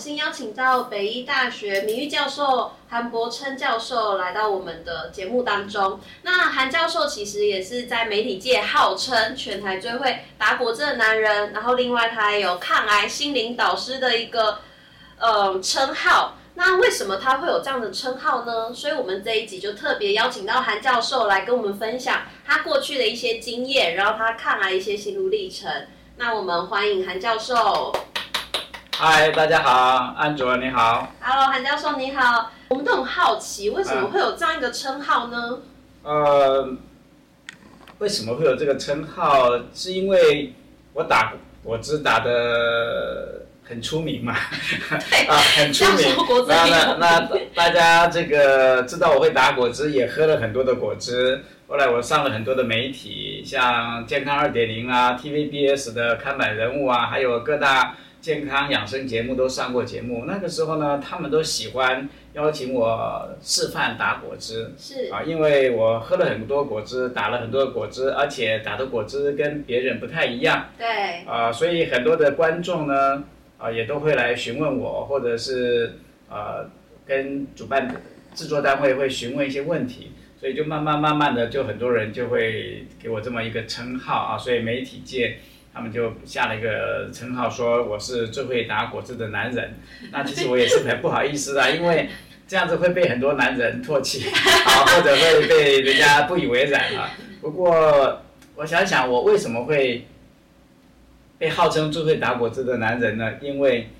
先邀請到北醫大學名譽教授韓伯琛教授來到我們的節目當中。那韓教授其實也是在媒體界號稱全台最會打果汁的男人，然後另外他還有抗癌心靈導師的一個呃稱號。那為什麼他會有這樣的稱號呢？所以我們這一集就特別邀請到韓教授來跟我們分享他過去的一些經驗，然後他抗癌一些心路歷程。那我們歡迎韓教授。嗨，大家好，安卓你好。哈嘍，韓教授你好。我們都很好奇，為什麼會有這樣一個稱號呢？Uh, 呃，為什麼會有這個稱號？是因為我打果汁打得很出名嘛？對， 啊，很出名。那那那大家這個知道我會打果汁，也喝了很多的果汁。後來我上了很多的媒體，像《健康二點零》啊、TVBS 的看板人物啊，還有各大。健康養生節目都上過節目，那個時候呢，他們都喜歡邀請我示範打果汁。是啊，因為我喝了很多果汁，打了很多果汁，而且打的果汁跟別人不太一樣，對啊，所以很多的觀眾呢啊也都會來詢問我，或者是啊跟主辦製作單位會詢問一些問題，所以就慢慢慢慢的就很多人就會給我這麼一個稱號啊，所以媒體界。他們就下了一個稱號說我是最會打果汁的男人，那其實我也是很不好意思的，啊，因為這樣子會被很多男人唾棄啊，或者會被人家不以為然啊。不過我想想，我為什麼會被號稱最會打果汁的男人呢？因為，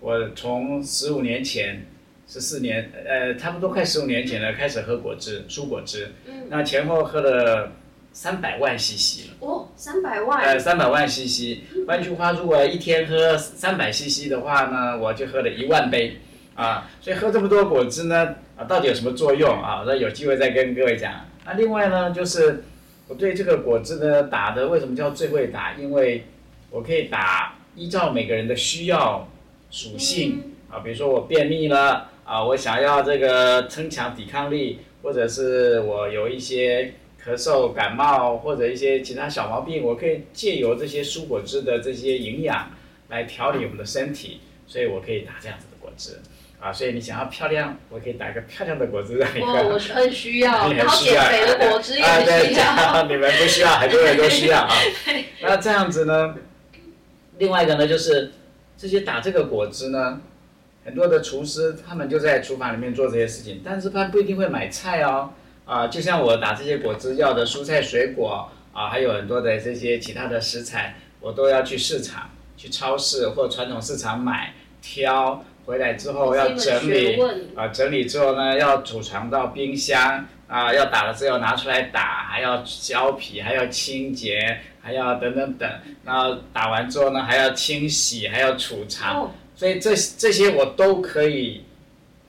我從十五年前，十四年，呃，差不多快十五年前呢，開始喝果汁、蔬果汁，那前後喝了。三百萬 CC 了哦，三百萬，呃，三百萬 CC 換句話，如果一天喝三百 CC 的話呢，我就喝了一萬杯啊，所以喝這麼多果汁呢啊，到底有什麼作用啊？那有機會再跟各位講。那、啊、另外呢，就是我對這個果汁呢打的為什麼叫最會打？因為我可以打依照每個人的需要屬性、嗯、啊，比如說我便秘了啊，我想要這個增強抵抗力，或者是我有一些。咳嗽、感冒或者一些其他小毛病，我可以借由這些蔬果汁的這些營養來調理我們的身體，所以我可以打這樣子的果汁啊。所以你想要漂亮，我可以打一個漂亮的果汁讓你喝。我很需要，你需要。需要 啊，對，你們不需要，很多人都需要啊。 那這樣子呢？另外一個呢，就是這些打這個果汁呢，很多的廚師他們就在廚房裡面做這些事情，但是他不一定會買菜哦。啊、呃，就像我打這些果汁，要的蔬菜水果啊、呃，還有很多的這些其他的食材，我都要去市場、去超市或傳統市場買、挑回來之後要整理啊、呃，整理之後呢要儲藏到冰箱啊、呃，要打了之後拿出來打，還要削皮，還要清潔，還要等等等。然後打完之後呢還要清洗，還要儲藏，哦、所以這這些我都可以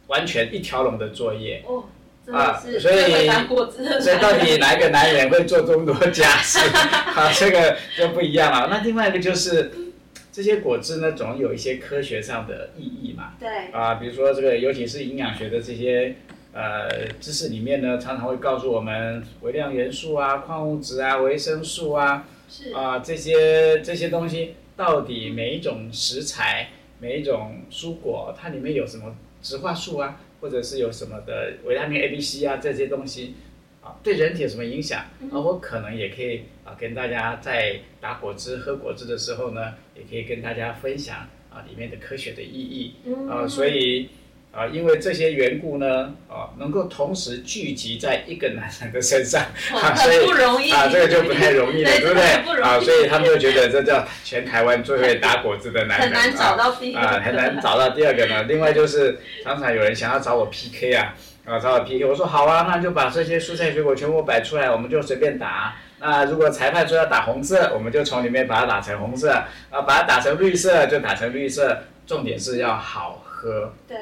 完全一條龍的作業。哦啊，所以所以到底哪一個男人會做這麼多家事？ 啊，這個就不一樣了。那另外一個就是，這些果汁呢，總有一些科學上的意義嘛。對。啊，比如說這個，尤其是營養學的這些呃知識裡面呢，常常會告訴我們微量元素啊、礦物質啊、維生素啊。是。啊，這些這些東西到底每一種食材、每一種蔬果，它裡面有什麼植化素啊？或者是有什麼的維他命 A、B、C 啊，這些東西啊，對人體有什麼影響？啊，我可能也可以啊，跟大家在打果汁、喝果汁的時候呢，也可以跟大家分享啊裡面的科學的意義啊，所以。啊，因為這些緣故呢，啊，能夠同時聚集在一個男生的身上，哦，啊，所以很不容易啊，這個就不太容易了，對，對，對不對？不容易。啊，所以他們就覺得這叫全台灣最會打果汁的男人。很難找到啊，啊，啊，很難找到第二個呢。另外就是，常常有人想要找我 PK 啊，啊，找我 PK，我說好啊，那就把這些蔬菜水果全部擺出來，我們就隨便打。那如果裁判說要打紅色，我們就從裡面把它打成紅色；啊，把它打成綠色就打成綠色。重點是要好喝。對。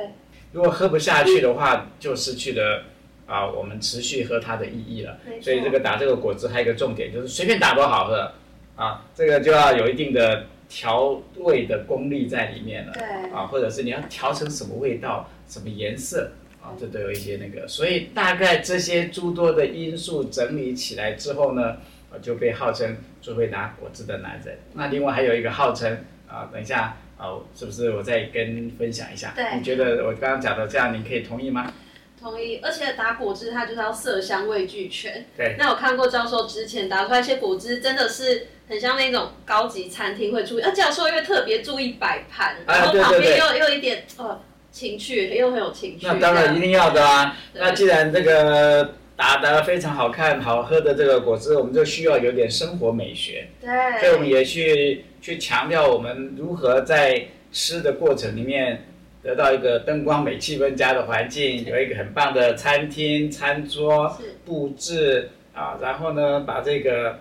如果喝不下去的話，就失去了啊，我們持續喝它的意義了。所以這個打這個果汁還有一個重點，就是隨便打都好喝啊，這個就要有一定的調味的功力在裡面了。啊，或者是你要調成什麼味道、什麼顏色啊，這都有一些那個。所以大概這些諸多的因素整理起來之後呢，就被號稱最會打果汁的男人。那另外還有一個號稱啊，等一下。好，是不是我再跟分享一下？對，你覺得我剛剛講的這樣，你可以同意嗎？同意，而且打果汁它就是要色香味俱全。對，那我看過教授之前打出來一些果汁，真的是很像那種高級餐廳會出。而、啊、教授因為特別注意擺盤，啊、然後旁邊又對對對又一點呃情趣，又很有情趣。那當然一定要的啊！那既然這個打得非常好看、好喝的這個果汁，我們就需要有點生活美學。對，所以我們也去。去強調我們如何在吃的過程裡面得到一個燈光美、氣氛佳的環境，有一個很棒的餐廳、餐桌布置啊，然後呢，把這個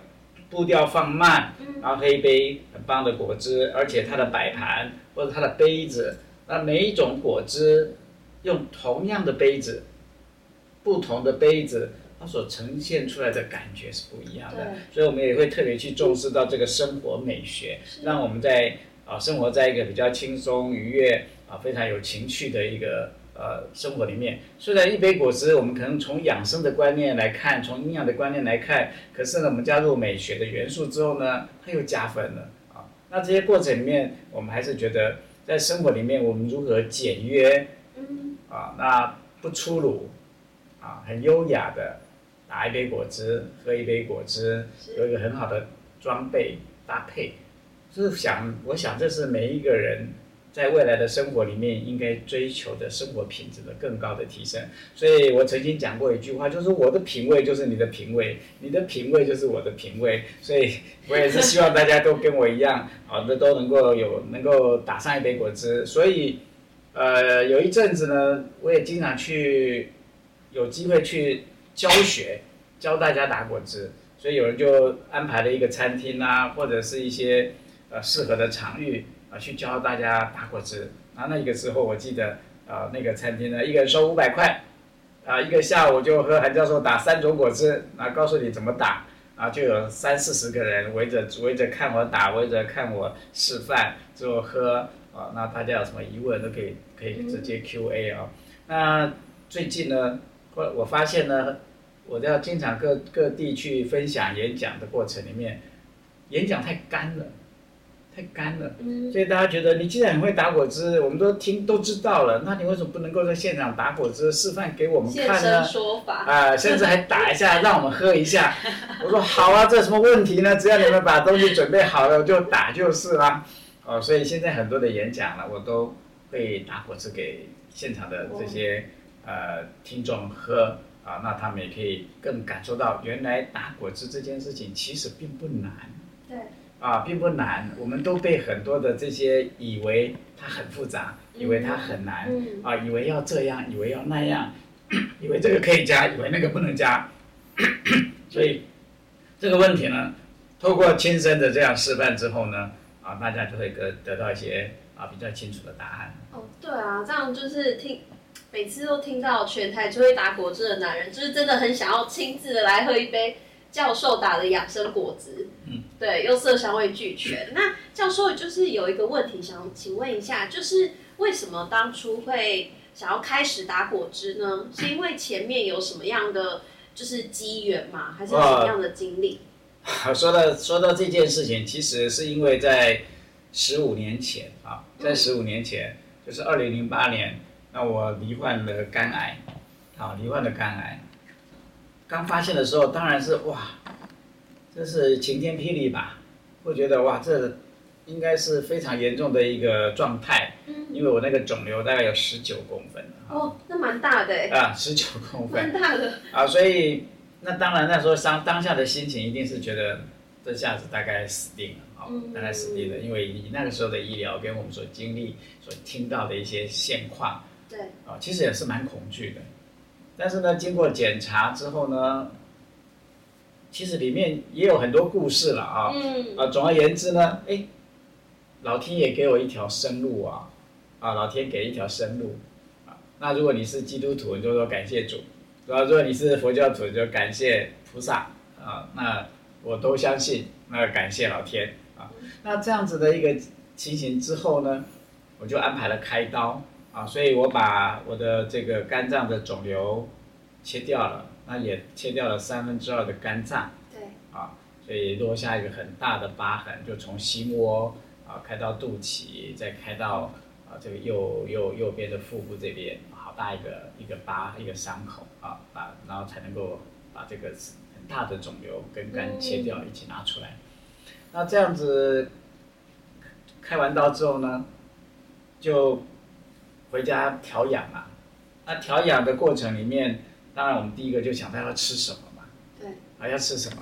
步調放慢，然後喝一杯很棒的果汁，而且它的擺盤或者它的杯子，那每一種果汁用同樣的杯子，不同的杯子，它所呈現出來的感覺是不一樣的，所以，我們也會特別去重視到這個生活美學，嗯、讓我們在啊、呃、生活在一個比較輕鬆、愉悅啊、呃、非常有情趣的一個呃生活裡面。雖然一杯果汁，我們可能從養生的觀念來看，從營養的觀念來看，可是呢，我們加入美學的元素之後呢，它又加分了啊。那這些過程裡面，我們還是覺得在生活裡面，我們如何簡約，嗯，啊，那不粗魯，啊，很優雅的。打一杯果汁，喝一杯果汁，有一個很好的裝備搭配，就是想，我想這是每一個人在未來的生活裡面應該追求的生活品質的更高的提升。所以我曾經講過一句話，就是我的品味就是你的品味，你的品味就是我的品味，所以我也是希望大家都跟我一樣， 好的都能夠有能夠打上一杯果汁。所以，呃，有一陣子呢，我也經常去，有機會去。教學教大家打果汁，所以有人就安排了一個餐廳啊，或者是一些呃適合的場域啊，去教大家打果汁。啊，那一個時候我記得啊、呃，那個餐廳呢，一個人收五百塊，啊，一個下午就和韓教授打三種果汁，啊，告訴你怎麼打，啊，就有三四十個人圍着圍着看我打，圍着看我示範，之後喝啊，那大家有什麼疑問都可以可以直接 QA 啊、哦。那最近呢，我我發現呢。我都要經常各各地去分享演講的過程裡面，演講太乾了，太乾了，所以大家覺得你既然很會打果汁，我們都聽都知道了，那你為什麼不能夠在現場打果汁示範給我們看呢？現身說法啊、呃，甚至還打一下 讓我們喝一下。我說好啊，這有什麼問題呢？只要你們把東西準備好了，我就打就是了、啊。哦、呃，所以現在很多的演講了，我都會打果汁給現場的這些、哦、呃聽眾喝。那他們也可以更感受到，原來打果汁這件事情其實並不難。對。啊，並不難。我們都被很多的這些以為它很複雜，以為它很難，嗯、啊，以為要這樣，以為要那樣、嗯，以為這個可以加，以為那個不能加。嗯、所以這個問題呢，透過親身的這樣示範之後呢，啊，大家就會得得到一些啊比較清楚的答案。哦，對啊，這樣就是聽。每次都聽到全台最會打果汁的男人，就是真的很想要親自的來喝一杯教授打的養生果汁。嗯，對，又色香味俱全。那教授，就是有一個問題想請問一下，就是為什麼當初會想要開始打果汁呢？是因為前面有什麼樣的就是機緣嘛，還是有什麼樣的經歷？哦，說到說到這件事情，其實是因為在十五年前啊，在十五年前，嗯，就是二零零八年。那我罹患了肝癌，啊，罹患了肝癌。剛發現的時候，當然是哇，這是晴天霹靂吧？會覺得哇，這應該是非常嚴重的一個狀態。因為我那個腫瘤大概有十九公分，嗯哦。哦，那蠻大的哎。啊，十九公分。蠻大的。啊，所以那當然那時候當當下的心情一定是覺得這下子大概死定了啊，哦，大概死定了。嗯、因為你那個時候的醫療跟我們所經歷、所聽到的一些現況。對，啊，其實也是蠻恐懼的，但是呢，經過檢查之後呢，其實裡面也有很多故事了啊。嗯。啊，總而言之呢，哎，老天也給我一條生路啊！啊，老天給一條生路。啊，那如果你是基督徒，你就說感謝主；然後，啊，如果你是佛教徒，你就感謝菩薩。啊，那我都相信，那感謝老天。啊，那這樣子的一個情形之後呢，我就安排了開刀。啊，所以我把我的這個肝臟的腫瘤切掉了，那也切掉了三分之二的肝臟。對。啊，所以落下一個很大的疤痕，就從心窩啊開到肚臍，再開到啊這個右右右邊的腹部這邊，好大一個一個疤一個傷口啊，把然後才能夠把這個很大的腫瘤跟肝切掉、嗯、一起拿出來。那這樣子開完刀之後呢，就。回家調養嘛、啊，那調養的過程裡面，當然我們第一個就想到要吃什麼嘛，對，啊要吃什麼，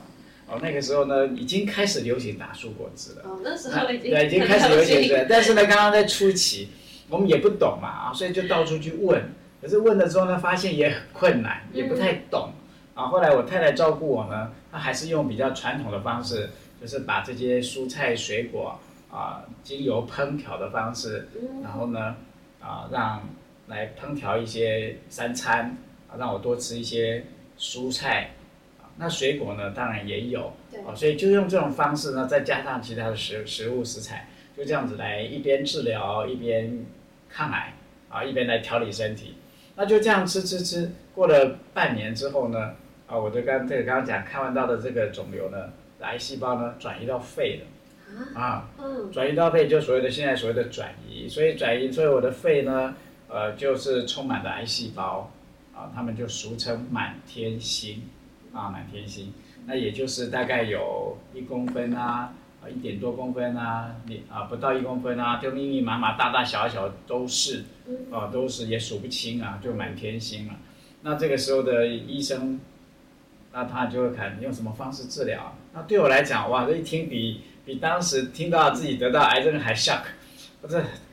哦那個時候呢已經開始流行打蔬果汁了，哦那時候已經，對、啊、已經開始流行對，但是呢剛剛在初期，我們也不懂嘛啊，所以就到處去問，可是問了之後呢發現也很困難，也不太懂，嗯、啊後來我太太照顧我呢，她還是用比較傳統的方式，就是把這些蔬菜水果啊，經由烹調的方式，然後呢。嗯啊，讓來烹調一些三餐，啊，讓我多吃一些蔬菜，啊，那水果呢，當然也有，對啊，所以就用這種方式呢，再加上其他的食食物食材，就這樣子來一邊治療一邊抗癌，啊，一邊來調理身體，那就這樣吃吃吃，過了半年之後呢，啊，我就剛這個剛剛講，開完刀的這個腫瘤呢，癌細胞呢轉移到肺了。啊，轉移到肺就所謂的現在所謂的轉移，所以轉移，所以我的肺呢，呃，就是充滿了癌細胞，啊、呃，他們就俗稱滿天星，啊，滿天星，那也就是大概有一公分啊，啊，啊，一點多公分啊，啊，不到一公分啊，就密密麻麻，大大小小都是，啊、呃，都是也數不清啊，就滿天星了、啊，那這個時候的醫生。那他就會看你用什麼方式治療。那對我來講，哇，這一聽比比當時聽到自己得到癌症還 shock，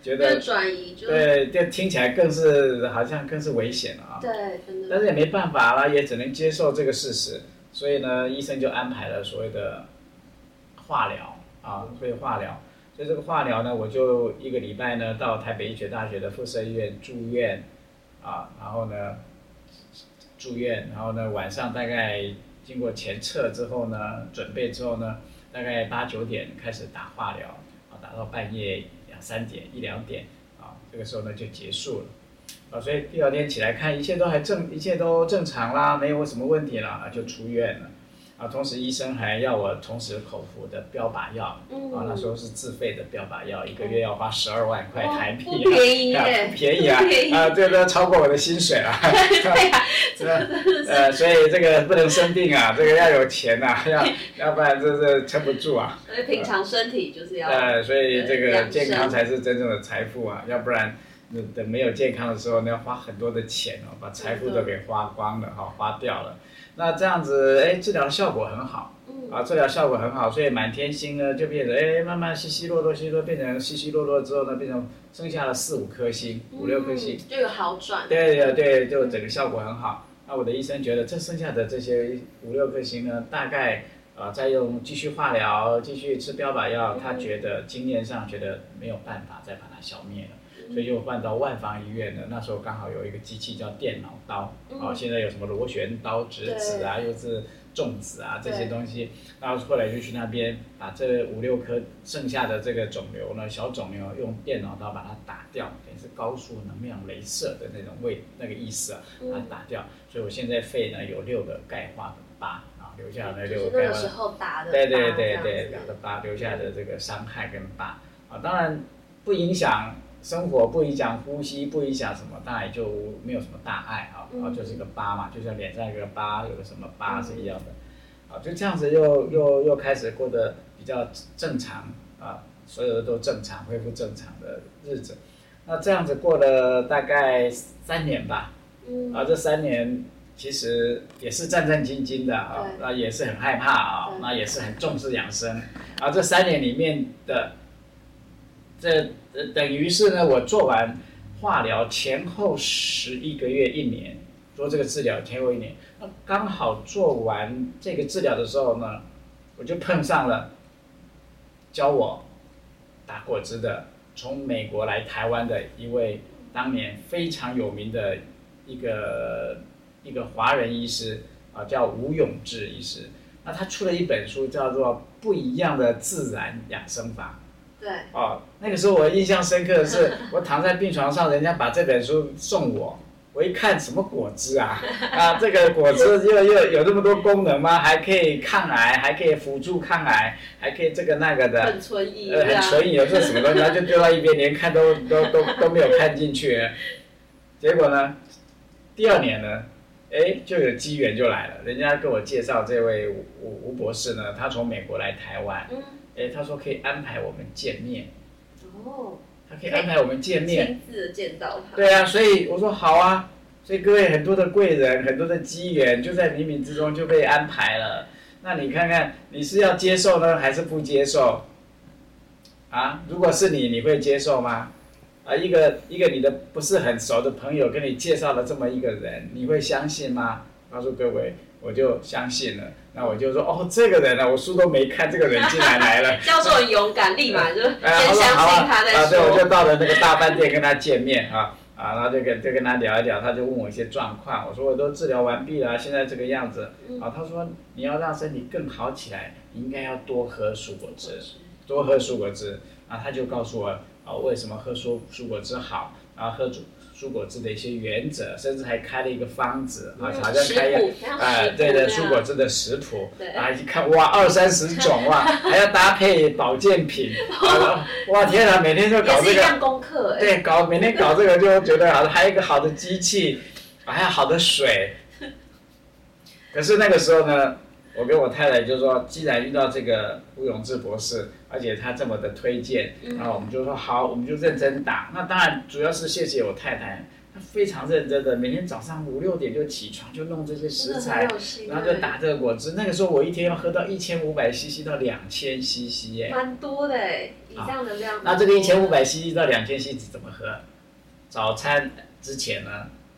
覺得對，轉移就對，就聽起來更是好像更是危險了啊。對，但是也沒辦法了，也只能接受這個事實。所以呢，醫生就安排了所謂的化療啊，所謂化療。所以這個化療呢，我就一個禮拜呢到台北醫學大學的附設醫院住院啊，然後呢。住院，然後呢，晚上大概經過前測之後呢，準備之後呢，大概八九點開始打化療，啊，打到半夜兩三點一兩點，啊，這個時候呢就結束了，啊，所以第二天起來看，一切都還正，一切都正常啦，沒有什麼問題啦，就出院了。啊，同時醫生還要我同時口服的標靶藥，嗯、啊，他說是自費的標靶藥，哦、一個月要花十二萬塊台幣、啊哦、便宜，啊、便宜便宜啊，不便宜啊，這個都超過我的薪水了、啊。 對呃、啊啊，所以這個不能生病啊， 這個要有錢吶、啊，要 要不然這這撐不住啊。所以平常身體就是要，呃，所以這個健康才是真正的財富啊，要不然，等沒有健康的時候，那要花很多的錢哦，把財富都給花光了哈、 哦，花掉了。那這樣子，哎、欸，治療效果很好，嗯、啊，治療效果很好，所以滿天星呢就變成，哎、欸，慢慢稀稀落落，稀稀落落變成稀稀落落之後呢，變成剩下了四五顆星、嗯，五六顆星，就、嗯、有、這個、好轉。對對對，就整個效果很好。那我的醫生覺得，這剩下的這些五六顆星呢，大概，啊，再用繼續化療，繼續吃標靶藥，嗯、他覺得經驗上覺得沒有辦法再把它消滅了。所以就換到萬芳醫院了。那時候剛好有一個機器叫電腦刀啊，嗯、現在有什麼螺旋刀、直指啊，又是重子啊，這些東西。然後後來就去那邊把這五六顆剩下的這個腫瘤呢，小腫瘤用電腦刀把它打掉，等於是高速能量鐳射的那種位，那個意思啊，把它打掉、嗯。所以我現在肺呢有六個鈣化的疤啊，留下來六個，就是、那個時候打的疤，對對對對，打的疤留下的這個傷害跟疤啊，當然不影響、嗯。生活不影響呼吸，不影響什麼大，當然就沒有什麼大礙啊、哦嗯，然後就是一個疤嘛，就像臉上有個疤，有個什麼疤是一樣的，啊、嗯，就這樣子又、嗯、又又開始過得比較正常啊，所有的都正常，恢復正常的日子。那這樣子過了大概三年吧，啊、嗯，這三年其實也是戰戰兢兢的啊，那、嗯、也是很害怕啊，那也，也是很重視養生，然後這三年裡面的。這等於是呢，我做完化療前後十一個月，一年做這個治療，前後一年，那剛好做完這個治療的時候呢，我就碰上了教我打果汁的，從美國來台灣的一位當年非常有名的一個一個華人醫師啊，叫吳永志醫師。那他出了一本書，叫做《不一樣的自然養生法》。哦，那個時候我印象深刻的是，我躺在病床上，人家把這本書送我，我一看什麼果汁啊啊，這個果汁又又有這麼多功能嗎？還可以抗癌，還可以輔助抗癌，還可以這個那個的，很純益、啊呃、很純益，有這什麼東西？然後就丟到一邊，連看都都都都沒有看進去。結果呢，第二年呢，哎、欸，就有機緣就來了，人家給我介紹這位吳吳博士呢，他從美國來台灣。嗯哎，他說可以安排我們見面，哦，他可以安排我們見面，親自見到他。對啊，所以我說好啊，所以各位很多的貴人，很多的機緣就在冥冥之中就被安排了。那你看看，你是要接受呢，嗯，還是不接受？啊，如果是你，你會接受嗎？啊，一個一個你的不是很熟的朋友跟你介紹了這麼一個人，你會相信嗎？他說各位。我就相信了，那我就說哦，這個人呢、啊，我書都沒看，這個人竟然來，來了，叫 做勇敢立馬就先相信他再說，哎說啊。啊，對，我就到了那個大飯店跟他見面啊 啊，然後就跟就跟他聊一聊，他就問我一些狀況，我說我都治療完畢了，現在這個樣子啊，他說你要讓身體更好起來，你應該要多喝蔬果汁，多喝蔬果汁，啊，他就告訴我啊，為什麼喝蔬蔬果汁好。啊，喝煮蔬果汁的一些原則，甚至還開了一個方子啊，好、嗯、像開藥，哎、呃，對的，蔬果汁的食譜，啊，一看哇，二三十種哇、啊， 還要搭配保健品， 哇，天哪，每天就搞這個，也是一項功課欸、對，搞每天搞這個就覺得啊，還有一個好的機器， 還有好的水。可是那個時候呢，我跟我太太就說，既然遇到這個吳永志博士，而且他這麼的推薦，嗯、然後我們就說好，我們就認真打。那當然主要是謝謝我太太，她非常認真的，每天早上五六點就起床就弄這些食材，然後就打這個果汁，嗯。那個時候我一天要喝到一千五百 cc 到兩千 cc 耶，蠻多的哎，以上的量。那這個一千五百 cc 到兩千 cc 怎麼喝？早餐之前呢，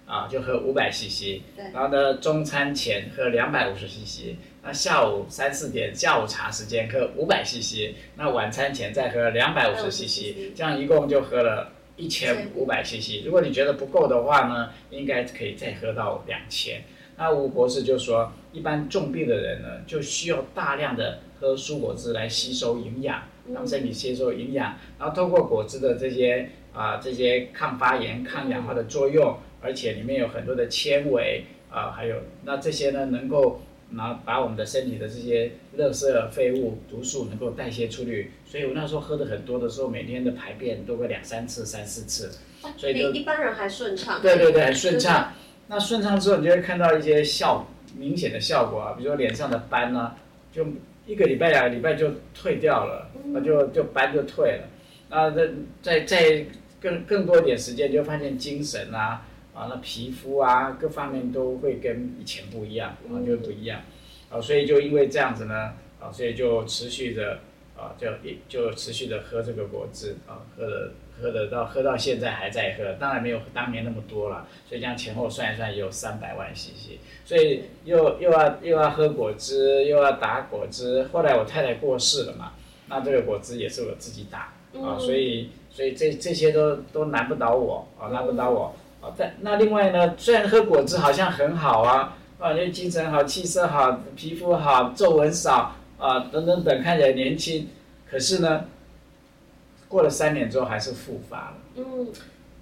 啊就喝五百 cc，然後呢中餐前喝兩百五十 cc。那下午三四點，下午茶時間喝五百 cc，那晚餐前再喝兩百五十 cc，這樣一共就喝了一千五百 cc。如果你覺得不夠的話呢，應該可以再喝到兩千。那吳博士就說，一般重病的人呢，就需要大量的喝蔬果汁來吸收營養，讓身體吸收營養，然後透過果汁的這些啊、呃、這些抗發炎、抗氧化的作用，嗯、而且裡面有很多的纖維啊、呃，還有那這些呢能夠。然後把我們的身體的這些垃圾廢物毒素能夠代謝出去，所以我那時候喝的很多的時候，每天的排便多個兩三次、三四次，啊、所以比一般人還順暢，對對對還順暢。對對對，順暢。那順暢之後，你就會看到一些效果明顯的效果啊，比如說臉上的斑啊，就一個禮拜、兩個禮拜就退掉了，那、嗯、就就斑就退了。那再再再更更多一點時間，你就發現精神啊。完、啊、了，那皮膚啊，各方面都會跟以前不一樣，啊，就是、不一樣，啊，所以就因為這樣子呢，啊，所以就持續着，啊，就就持續着喝這個果汁，啊，喝的喝的到喝到現在還在喝，當然沒有當年那麼多了，所以這樣前後算一算也有三百萬 cc，所以又又要又要喝果汁，又要打果汁。後來我太太過世了嘛，那這個果汁也是我自己打，啊，所以所以這這些都都難不倒我，啊，難不倒我。哦，但那另外呢？雖然喝果汁好像很好啊，啊，因為精神好、氣色好、皮膚好、皺紋少啊，等等等，看起來年輕。可是呢，過了三年之後還是復發了，嗯，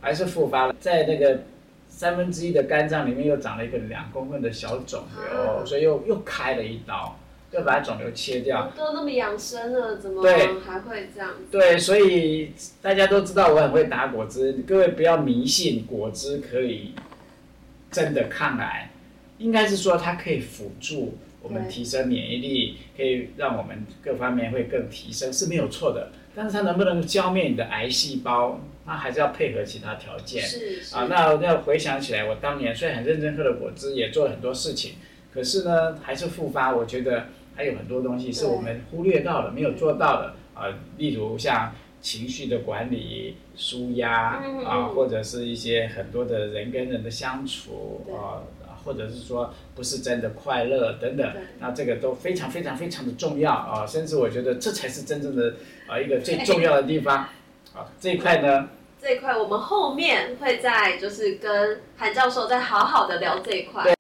還是復發了，在那個三分之一的肝臟裡面又長了一個兩公分的小腫瘤，所以又又開了一刀。再把腫瘤切掉、嗯，都那麼養生了，怎麼還會這樣？對，對，所以大家都知道我很會打果汁，各位不要迷信果汁可以真的抗癌，應該是說它可以輔助我們提升免疫力，可以讓我們各方面會更提升是沒有錯的，但是它能不能消滅你的癌細胞，那還是要配合其他條件。是，是啊，那要回想起來，我當年雖然很認真喝了果汁，也做了很多事情，可是呢，還是復發。我覺得。還有很多東西是我們忽略到的，沒有做到的啊，例如像情緒的管理、舒壓、嗯、啊，或者是一些很多的人跟人的相處啊，或者是說不是真的快樂等等，那這個都非常非常非常的重要啊，甚至我覺得這才是真正的啊一個最重要的地方啊，這一塊呢，這一塊我們後面會在就是跟韓教授再好好的聊這一塊。對